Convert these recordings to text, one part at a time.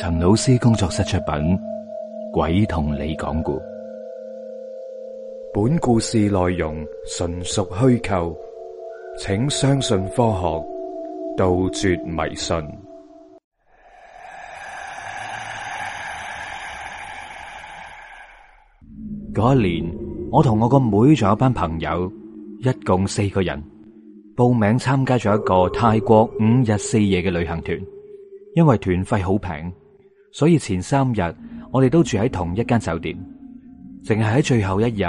陳老師工作室出品，《鬼同你講故》。本故事內容純屬虛構，請相信科學，杜絕迷信。嗰一年，我同我個妹仲有班朋友，一共四個人，報名參加咗一個泰國五日四夜嘅旅行團，因為團費好平。所以前三日我哋都住喺同一間酒店，淨係喺最後一日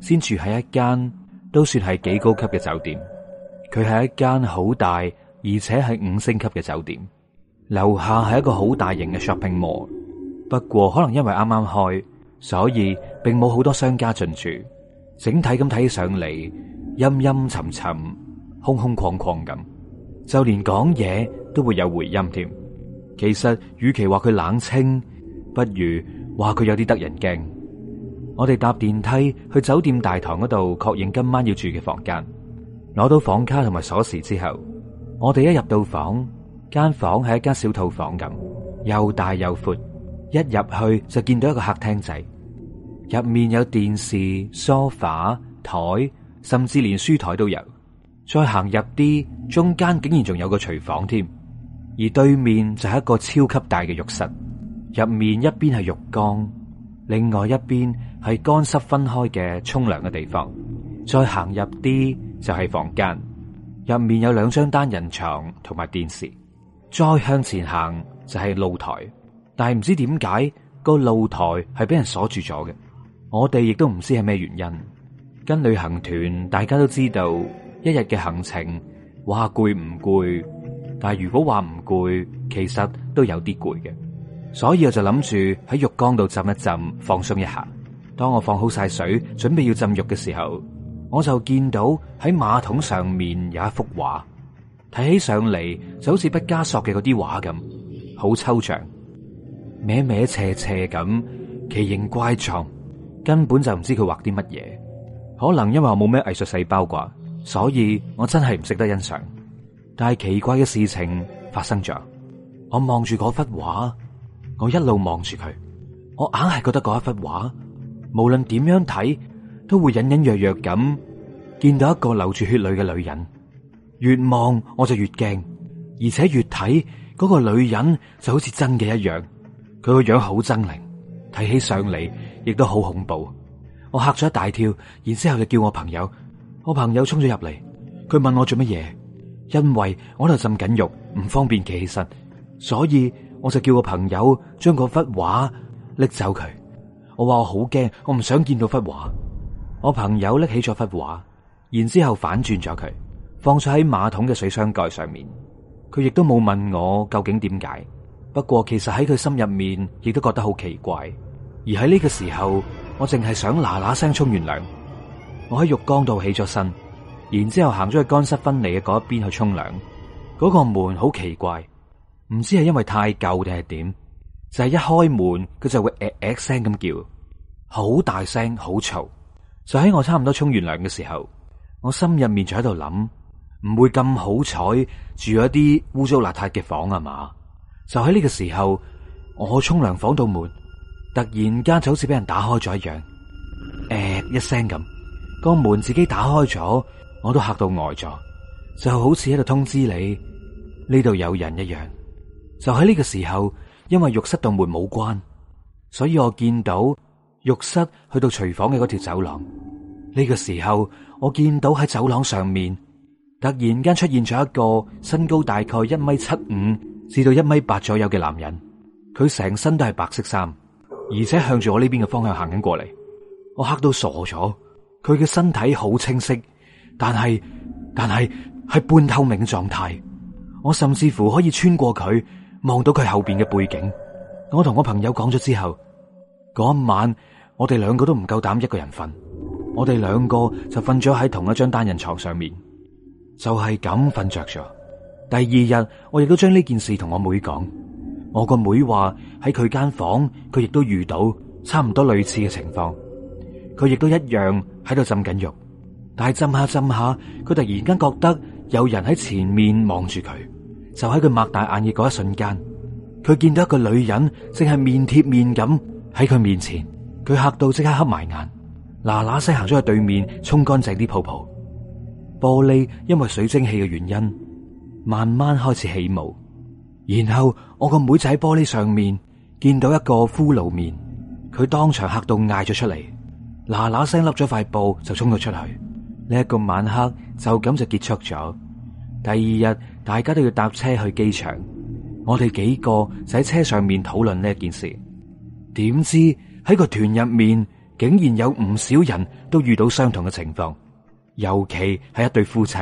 先住喺一間，都算係幾高級嘅酒店。佢係一間好大，而且係五星級嘅酒店。樓下係一個好大型嘅 shopping mall，不過可能因為啱啱開，所以並冇好多商家進駐。整體咁睇起上嚟，陰陰沉沉、空空曠曠咁，就連講嘢都會有回音添。其實，與其話佢冷清，不如話佢有啲得人驚。我哋搭電梯去酒店大堂嗰度確認今晚要住嘅房間，攞到房卡同埋鎖匙之後，我哋一入到房間，間房係一間小套房咁，又大又闊。一入去就見到一個客廳仔，入面有電視、梳化、台，甚至連書台都有。再行入啲，中間竟然仲有個廚房添。而對面就係一個超級大嘅浴室，入面一邊係浴缸，另外一邊係乾濕分開嘅沖涼嘅地方。再行入啲就係房間，入面有兩張單人床同埋電視。再向前行就係露台，但係唔知點解個露台係俾人鎖住咗嘅。我哋亦都唔知係咩原因。跟旅行團，大家都知道一日嘅行程，話攰唔攰？累但係如果話唔攰，其實都有啲攰嘅，所以我就諗住喺浴缸度浸一浸，放鬆一下。當我放好晒水，準備要浸浴嘅時候，我就見到喺馬桶上面有一幅畫，睇起上嚟就好似畢加索嘅嗰啲畫咁，好抽象，歪歪斜斜咁，奇形怪狀，根本就唔知佢畫啲乜嘢。可能因為我冇咩藝術細胞啩，所以我真係唔識得欣賞。但係奇怪嘅事情發生咗。我望住嗰幅畫，我一路望住佢，我硬係覺得嗰一幅畫無論點樣睇都會隱隱約約咁見到一個流住血淚嘅女人。越望我就越驚，而且越睇嗰個女人就好似真嘅一樣，佢個樣好猙獰，睇起上嚟，亦都好恐怖。我吓咗一大跳，然之後就叫我朋友，我朋友衝咗入嚟，佢問我做乜嘢。因為我度浸緊浴，唔方便企起身，所以我就叫個朋友將嗰幅畫拎走佢。我話我好驚，我唔想見到幅畫。我朋友拎起咗幅畫，然之後反轉咗佢，放咗喺馬桶嘅水箱蓋上面。佢亦都冇問我究竟點解。不過其實喺佢心入面，亦都覺得好奇怪。而喺呢個時候，我淨係想嗱嗱聲沖完涼。我喺浴缸度起咗身。然之後行咗去乾濕分離嘅嗰一邊去沖涼，嗰、嗰個門好奇怪，唔知係因為太舊定係點，就係、係、一開門佢就會誒誒聲咁叫，好大聲，好嘈。就喺我差唔多沖完涼嘅時候，我心入面就喺度諗，唔會咁好彩住咗一啲污糟邋遢嘅房啊嘛。就喺呢個時候，我沖涼房度門突然間就好似俾人打開咗一樣，誒一聲咁，個門自己打開咗。我都吓到呆咗，就好似喺度通知你呢度有人一樣。就喺呢個時候，因為浴室道門冇關，所以我見到浴室去到廚房嘅嗰條走廊。呢個時候，我見到喺走廊上面突然間出現咗一個身高大概一米七五至到一米八左右嘅男人，佢成身都係白色衫，而且向住我呢邊嘅方向行緊過嚟。我吓到傻咗，佢嘅身體好清晰。但係，但係係半透明嘅狀態，我甚至乎可以穿過佢，望到佢後邊嘅背景。我同我朋友講咗之後，嗰晚我哋兩個都唔夠膽一個人瞓，我哋兩個就瞓咗喺同一張單人床上面，就係咁瞓着咗。第二日，我亦都將呢件事同我妹講，我個妹話喺佢間房，佢亦都遇到差唔多類似嘅情況，佢亦都一樣喺度浸緊浴。但係浸下浸下，佢突然間覺得有人喺前面望住佢。就喺佢擘大眼嘅嗰一瞬間，佢見到一個女人正係面貼面咁喺佢面前。佢吓到即刻黑埋眼，嗱嗱聲行咗去對面沖乾淨啲泡泡。玻璃因為水蒸氣嘅原因，慢慢開始起霧。然後我個妹仔喺玻璃上面見到一個骷髏面，佢當場吓到嗌咗出嚟，嗱嗱聲笠咗塊布就沖咗出去。呢一個晚黑就咁就結束咗。第二日大家都要搭車去機場，我哋幾個就喺車上面討論呢一件事。點知喺個團入面竟然有唔少人都遇到相同嘅情況，尤其係一對夫妻。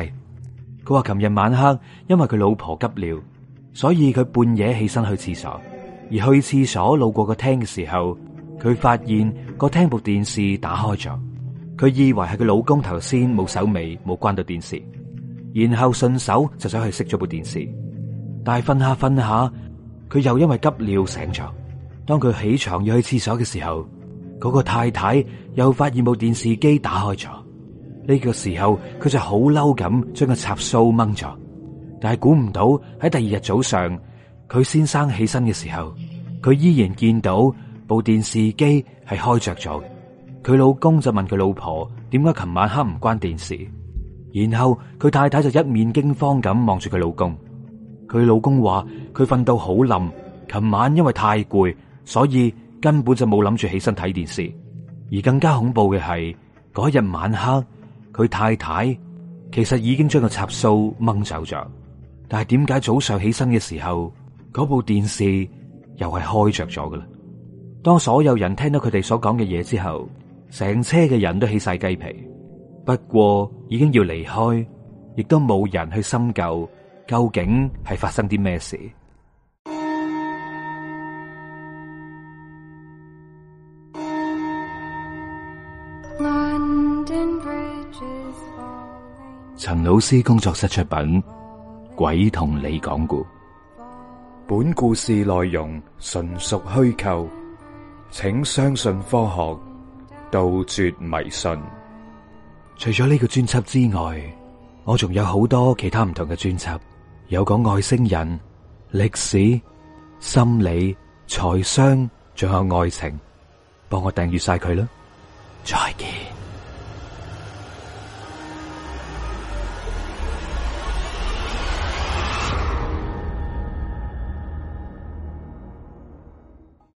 佢話琴日晚黑因為佢老婆急尿，所以佢半夜起身去廁所，而去廁所路過個廳嘅時候，佢發現個廳部電視打開咗。佢以為係佢老公頭先冇手尾冇關到電視，然後順手就走去熄咗部電視。但係瞓下瞓下，佢又因為急尿醒咗。當佢起床要去廁所嘅時候，嗰個太太又發現部電視機打開咗。呢個時候佢就好嬲咁將個插蘇掹咗。但係估唔到喺第二日早上，佢先生起身嘅時候，佢依然見到部電視機係開着咗。佢老公就問佢老婆點解琴晚黑唔關電視，然後佢太太就一面驚慌咁望住佢老公。佢老公話佢瞓到好冧，琴晚因為太攰，所以根本就冇諗住起身睇電視。而更加恐怖嘅係嗰日晚黑，佢太太其實已經將個插蘇掹走咗，但係點解早上起身嘅時候嗰部電視又係開着咗㗎喇？當所有人聽到佢哋所講嘅嘢之後，成車嘅人都起晒雞皮，不過已經要離開，亦都冇人去深究究竟係發生啲咩事。陳 老師工作室出品，《鬼同你講故》，本故事內容純屬虛構，請相信科學。杜絕迷信。除咗呢個專輯之外，我仲有好多其他唔同嘅專輯，有講外星人、歷史、心理、財商，仲有愛情。幫我訂閱晒佢啦！再見。